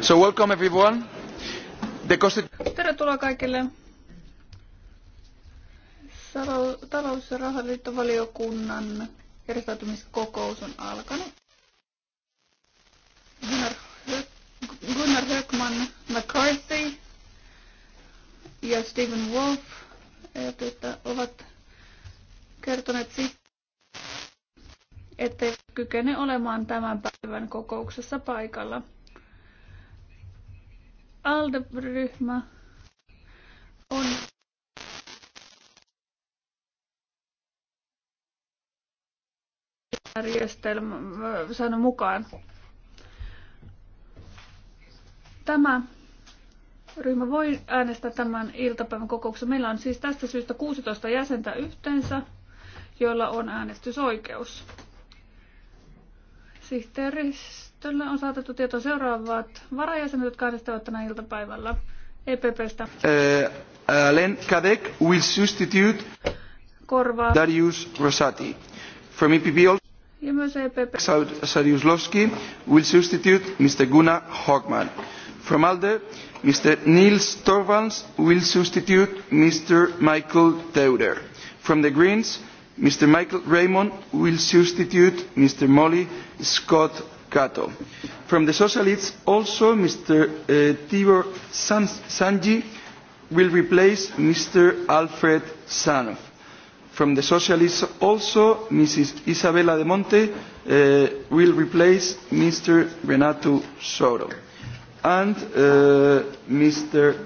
So welcome everyone. The Tervetuloa kaikille. Talous- ja rahaliittovaliokunnan järjestäytymiskokous on alkanut. Gunnar, Hö- Gunnar Höckman McCarthy ja Stephen Wolf ovat kertoneet siitä, ettei kykene olemaan tämän päivän kokouksessa paikalla. ALDE-ryhmä on järjestelmä äh, saanut mukaan. Tämä ryhmä voi äänestää tämän iltapäivän kokouksen. Meillä on siis tästä syystä 16 jäsentä yhteensä, joilla on äänestysoikeus. Sihteeristölle on saatettu tieto seuraavat varajäsenet, jotka äänestävät tänä iltapäivällä EPPstä. Alain Kadek will substitute Korvaa. Darius Rosati. From EPP ja myös EPP. Sariuslowski will substitute Mr. Gunnar Hogman. From ALDE, Mr. Nils Torvalds will substitute Mr. Michael Teuder. From the Greens, Mr. Michael Raymond will substitute Mr. Molly Scott Cato. From the Socialists, also Mr. Uh, Tibor San Sanji will replace Mr. Alfred Sanov. From the Socialists, also Mrs. Isabella de Monte uh, will replace Mr. Renato Soro. And uh, Mr.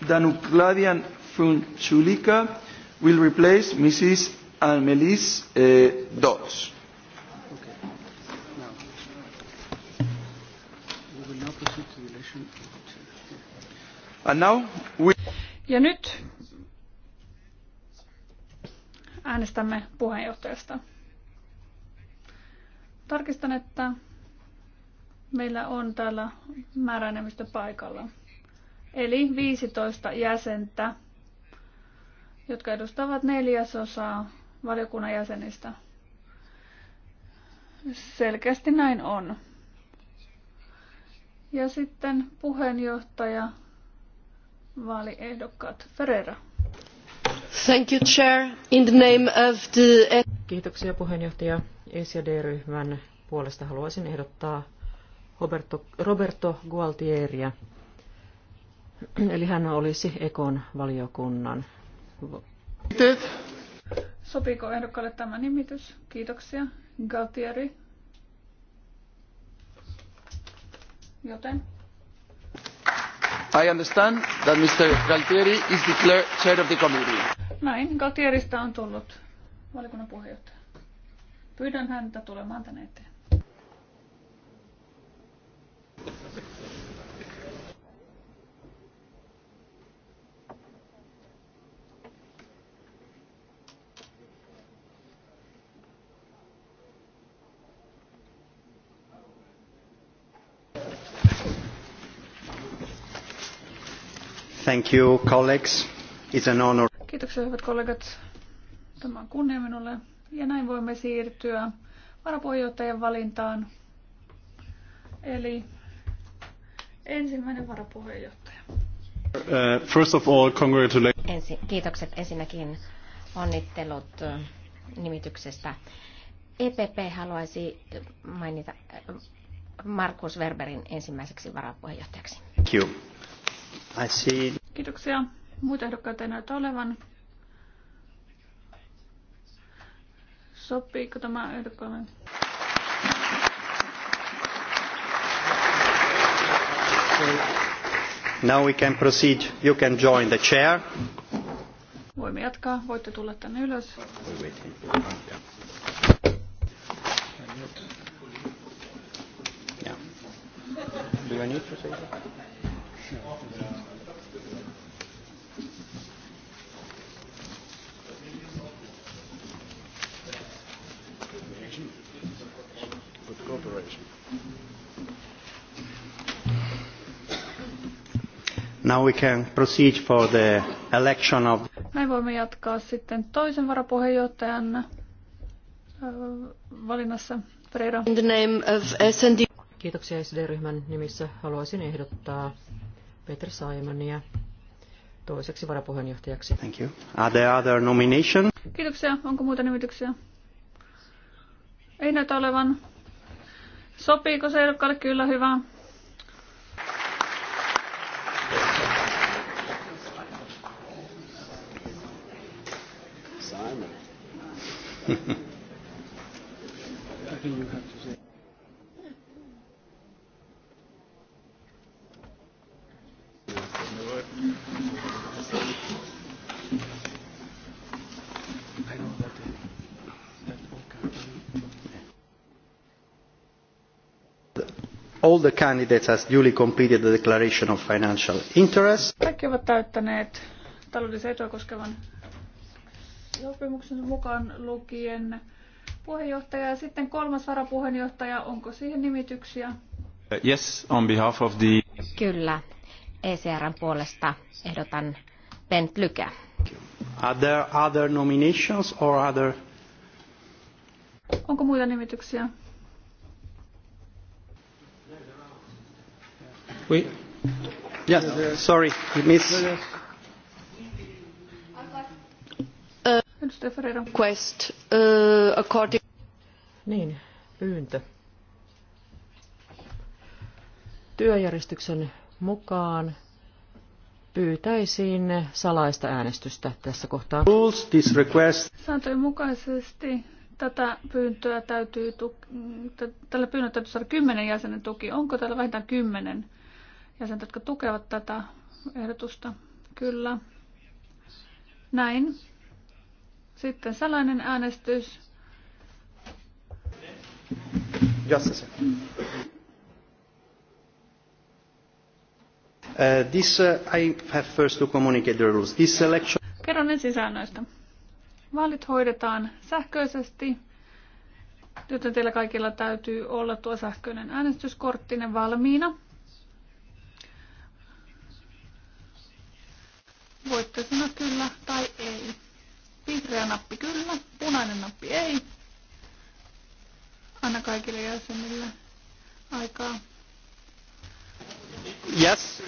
Danukladian Funchulika will replace Mrs. Almelis uh, eh, Dodds. And now we... Ja nyt äänestämme puheenjohtajasta. Tarkistan, että meillä on täällä määräenemmistö paikalla. Eli 15 jäsentä jotka edustavat neljäsosaa valiokunnan jäsenistä. Selkeästi näin on. Ja sitten puheenjohtaja, vaaliehdokkaat Ferreira. Thank you, Chair. In the name of the... Kiitoksia puheenjohtaja. ECD-ryhmän puolesta haluaisin ehdottaa Roberto, Roberto Gualtieria. Eli hän olisi Ekon valiokunnan Sopiiko ehdokkaalle tämä nimitys? Kiitoksia. Galtieri. Joten. I understand that Mr. Galtieri is declared chair of the committee. Näin, Galtierista on tullut valikunnan puheenjohtaja. Pyydän häntä tulemaan tänne eteen. Thank you, colleagues. It's an honor. Kiitoksia hyvät kollegat. Tämä on kunnia minulle. Ja näin voimme siirtyä varapuheenjohtajan valintaan. Eli ensimmäinen varapuheenjohtaja. Uh, first of all, congratulations. Ensi, kiitokset ensinnäkin onnittelut uh, nimityksestä. EPP haluaisi mainita uh, Markus Werberin ensimmäiseksi varapuheenjohtajaksi. Thank you. I see. Kiitoksia. Muita ehdokkaita ei näytä olevan. Sopiiko tämä ehdokkaalle? Now we can proceed. You can join the chair. Voimme jatkaa. Voitte tulla tänne ylös. Do you need to say that? Now we can proceed for the election of... Näin voimme jatkaa sitten toisen varapuheenjohtajan äh, valinnassa. Freira. In the name of SND. Kiitoksia SD-ryhmän nimissä. Haluaisin ehdottaa Peter Simonia toiseksi varapuheenjohtajaksi. Thank you. Are there other nomination? Kiitoksia. Onko muita nimityksiä? Ei näytä olevan. Sopiiko se ehdokkaalle? Kyllä, hyvä. Simon. I think you have to say. All the candidates has duly completed the declaration of financial interest. Kaikki ovat täyttäneet taloudellisen etua koskevan sopimuksen mukaan lukien puheenjohtaja ja sitten kolmas varapuheenjohtaja. Onko siihen nimityksiä? Uh, yes, on behalf of the... Kyllä, ECRn puolesta ehdotan Bent Lykä. Are there other nominations or other... Onko muita nimityksiä? Oui. Yes, sorry, miss. quest, uh, according... Niin, pyyntö. Työjärjestyksen mukaan pyytäisiin salaista äänestystä tässä kohtaa. Rules this request. Sääntöjen mukaisesti tätä pyyntöä täytyy, tälle pyynnölle täytyy saada kymmenen jäsenen tuki. Onko täällä vähintään kymmenen? jäsentä, jotka tukevat tätä ehdotusta. Kyllä. Näin. Sitten salainen äänestys. Just a Uh, this, uh, I have first to communicate the rules. This election... Kerron ensin säännöistä. Vaalit hoidetaan sähköisesti, joten teillä kaikilla täytyy olla tuo sähköinen äänestyskorttinen valmiina. voitte sanoa kyllä tai ei. Vihreä nappi kyllä, punainen nappi ei. Anna kaikille jäsenille aikaa. Yes.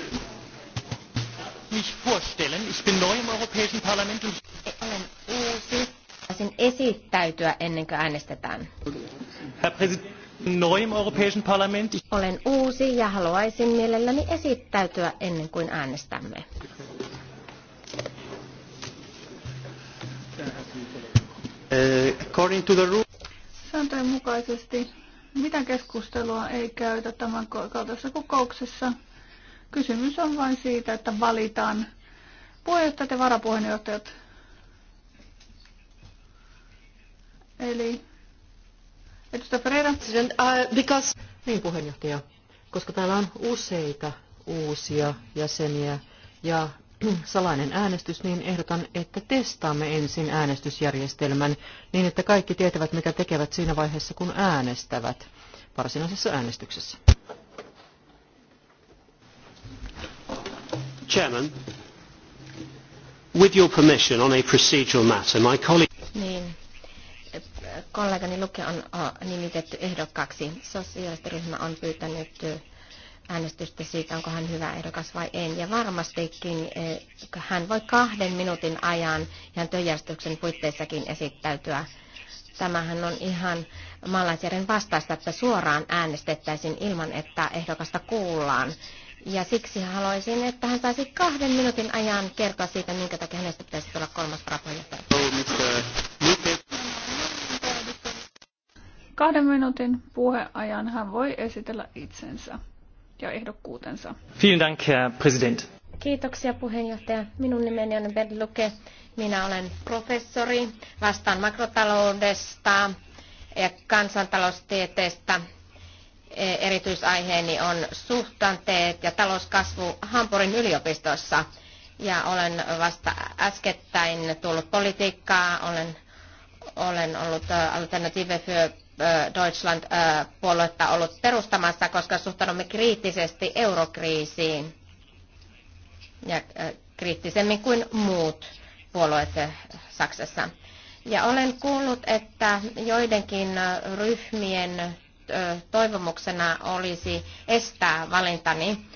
Mich vorstellen, ich bin neu im Europäischen Parlament. Olen uusi. Saisin esittäytyä ennen kuin äänestetään. Herr Präsident, neu im Europäischen Parlament. Olen uusi ja haluaisin mielelläni esittäytyä ennen kuin äänestämme. Eh, according to the rule... Sääntöjen mukaisesti mitä keskustelua ei käytä tämän kaltaisessa kokouksessa. Kysymys on vain siitä, että valitaan puheenjohtajat ja varapuheenjohtajat. Eli edustaja Ferreira. Because... Niin puheenjohtaja, koska täällä on useita uusia jäseniä ja salainen äänestys, niin ehdotan, että testaamme ensin äänestysjärjestelmän niin, että kaikki tietävät, mitä tekevät siinä vaiheessa, kun äänestävät varsinaisessa äänestyksessä. Chairman, with your permission on a procedural matter, my colleague... Niin, kollegani Luke on nimitetty ehdokkaaksi. ryhmä on pyytänyt äänestystä siitä, onko hän hyvä ehdokas vai en. Ja varmastikin eh, hän voi kahden minuutin ajan ihan työjärjestyksen puitteissakin esittäytyä. Tämähän on ihan maalaisjärjen vastaista, että suoraan äänestettäisiin ilman, että ehdokasta kuullaan. Ja siksi haluaisin, että hän saisi kahden minuutin ajan kertoa siitä, minkä takia hänestä pitäisi tulla kolmas varapuheenjohtaja. Kahden minuutin puheajan hän voi esitellä itsensä ja ehdokkuutensa. Vielen Dank, Herr Kiitoksia puheenjohtaja. Minun nimeni on Berluke. Minä olen professori, vastaan makrotaloudesta ja kansantaloustieteestä. E, erityisaiheeni on suhtanteet ja talouskasvu Hampurin yliopistossa. Ja olen vasta äskettäin tullut politiikkaa. Olen, olen ollut äh, alternatiive Deutschland-puoluetta ollut perustamassa, koska suhtaudumme kriittisesti eurokriisiin ja kriittisemmin kuin muut puolueet Saksassa. Ja olen kuullut, että joidenkin ryhmien toivomuksena olisi estää valintani.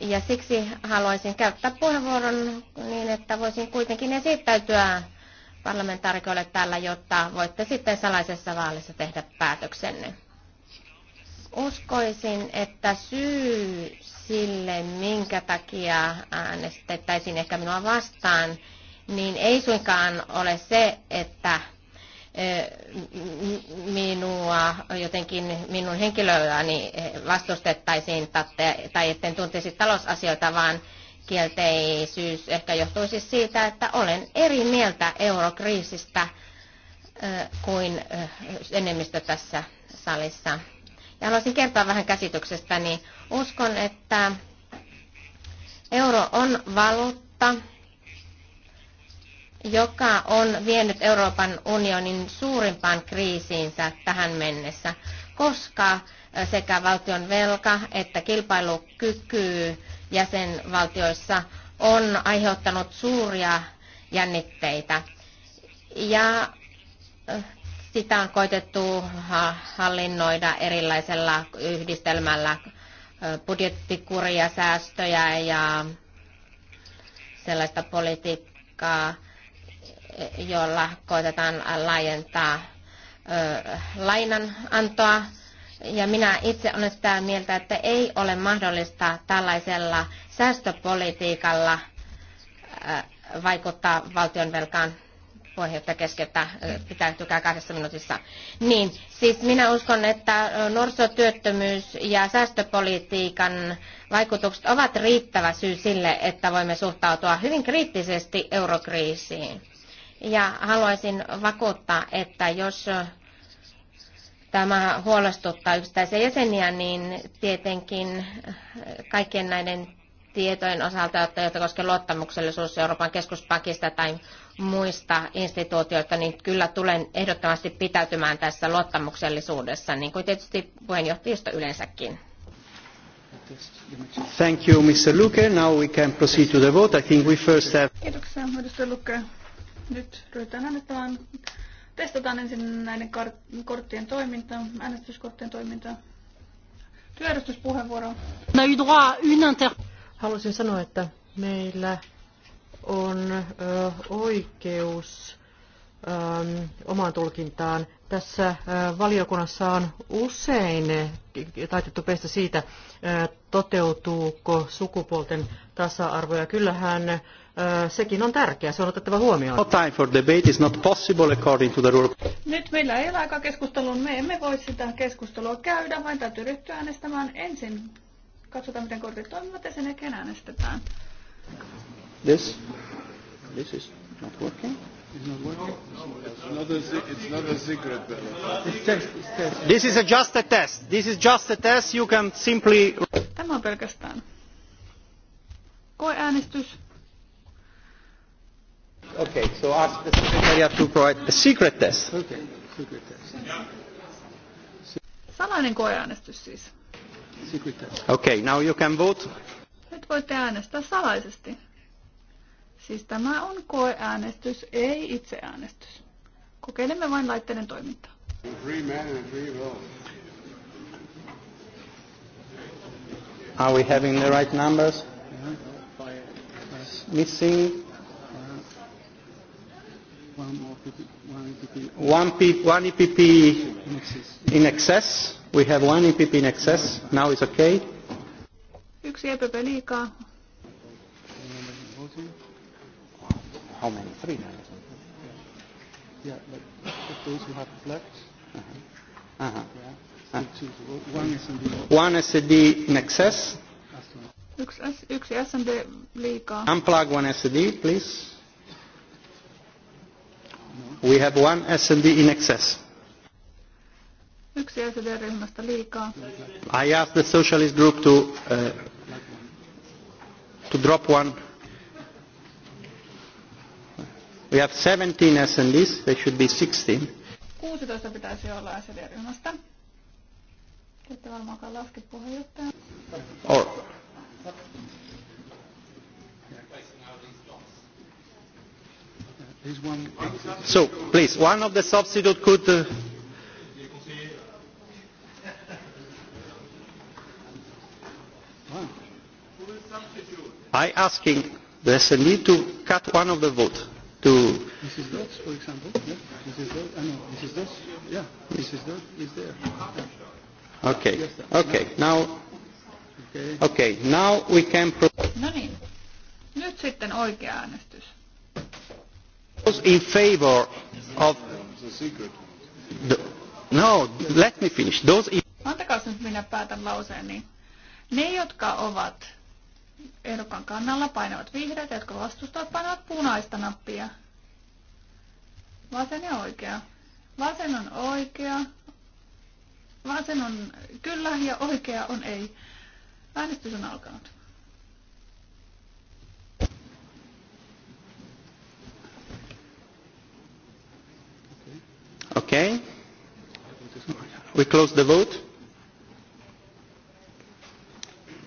Ja siksi haluaisin käyttää puheenvuoron niin, että voisin kuitenkin esittäytyä parlamentaarikoille täällä, jotta voitte sitten salaisessa vaalissa tehdä päätöksenne. Uskoisin, että syy sille, minkä takia äänestettäisiin ehkä minua vastaan, niin ei suinkaan ole se, että minua jotenkin minun henkilöäni vastustettaisiin tai etten tuntisi talousasioita, vaan kielteisyys ehkä johtuu siis siitä, että olen eri mieltä eurokriisistä kuin enemmistö tässä salissa. Ja haluaisin kertoa vähän käsityksestäni. uskon, että euro on valuutta, joka on vienyt Euroopan unionin suurimpaan kriisiinsä tähän mennessä, koska sekä valtion velka että kilpailukyky jäsenvaltioissa on aiheuttanut suuria jännitteitä. Ja äh, sitä on koitettu hallinnoida erilaisella yhdistelmällä äh, budjettikuria, säästöjä ja sellaista politiikkaa, jolla koitetaan laajentaa äh, lainanantoa ja minä itse olen sitä mieltä, että ei ole mahdollista tällaisella säästöpolitiikalla äh, vaikuttaa valtionvelkaan puheenjohtaja keskeyttää, äh, pitäytykää kahdessa minuutissa. Niin, siis minä uskon, että äh, nuorisotyöttömyys ja säästöpolitiikan vaikutukset ovat riittävä syy sille, että voimme suhtautua hyvin kriittisesti eurokriisiin. Ja haluaisin vakuuttaa, että jos tämä huolestuttaa yksittäisiä jäseniä, niin tietenkin kaikkien näiden tietojen osalta, joita koskee luottamuksellisuus Euroopan keskuspankista tai muista instituutioista, niin kyllä tulen ehdottomasti pitäytymään tässä luottamuksellisuudessa, niin kuin tietysti puheenjohtajista yleensäkin. Thank you, Mr. Luke. Now we can proceed to the vote. I think we first have... Kiitoksia, Mr. Luke. Nyt ryhdytään äänestämään Testataan ensin näiden korttien toiminta, äänestyskorttien toimintaa. Työjärjestyspuheenvuoro. Haluaisin sanoa, että meillä on ö, oikeus ö, omaan tulkintaan. Tässä ö, valiokunnassa on usein taitettu pestä siitä, ö, toteutuuko sukupuolten tasa-arvo. Ja kyllähän sekin on tärkeää, se on otettava huomioon. No time for debate is not possible according to the rule. Nyt meillä ei ole aikaa keskustelua, me emme voi sitä keskustelua käydä, vaan täytyy ryhtyä äänestämään ensin. Katsotaan, miten kortit toimivat ja sen jälkeen äänestetään. This? This is not working? It's not working. No, it's, not a, it's not a It's test, it's test. This is a just a test. This is just a test. You can simply... Tämä on pelkästään äänestys. Okay, so ask the secretariat to provide a secret test. Okay, secret test. Salainen koeäänestys siis. Secret test. Okay, now you can vote. Nyt voitte äänestää salaisesti. Siis tämä on koeäänestys, ei itseäänestys. Kokeilemme vain laitteiden toimintaa. Free man and free Are we having the right numbers? Uh-huh. Missing One, EPP, one EPP e in excess. We have one EPP in excess. Now it's okay. Yksi EPP liikaa. How many? Three. Yeah, but those who have left. Uh -huh. Uh -huh. Yeah. One SD. One SD in excess. Yksi, yksi SMD liikaa. Unplug one SD, please. We have one S&D in excess. Yksi SD-ryhmästä liikaa. I asked the socialist group to, uh, to drop one. We have 17 S&Ds, they should be 16. 16 pitäisi olla SD-ryhmästä. Ette varmaankaan laske puheenjohtaja. Or. Oh. So, please, one of the substitute could... Uh, I asking a need to cut one of the vote. To This is Dodds, for example. Yeah. is Dodds, I know. This is ah, no, this? yeah. This is Dodds is there. Yeah. Okay. Yes, okay. Now. Okay. okay. Now we can. Pro- no niin. Nyt sitten oikea äänestys those in favour of... The, no, let me finish. Those in... Antakaas nyt minä päätän lauseen. Niin. Ne, jotka ovat ehdokkaan kannalla, painavat vihreät, jotka vastustavat, painavat punaista nappia. Vasen ja oikea. Vasen on oikea. Vasen on kyllä ja oikea on ei. Äänestys on alkanut. We close the vote.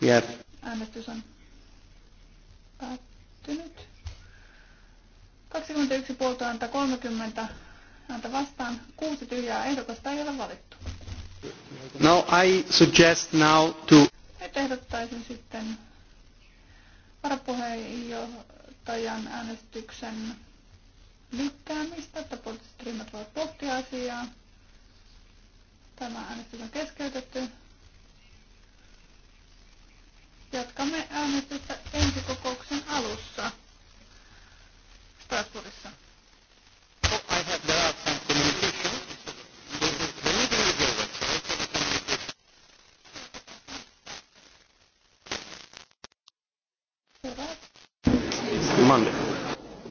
Yeah. Äänestys on päättynyt. 21 puolta ääntä 30 ääntä vastaan. Kuusi tyhjää ehdokasta ei ole valittu. No, I suggest now to... Nyt ehdottaisin sitten varapuheenjohtajan äänestyksen lykkäämistä, että poliittiset ryhmät voivat pohtia asiaa. Tämä äänestys on keskeytetty. Jatkamme äänestystä ensi kokouksen alussa Strasbourgissa. Oh, I have, the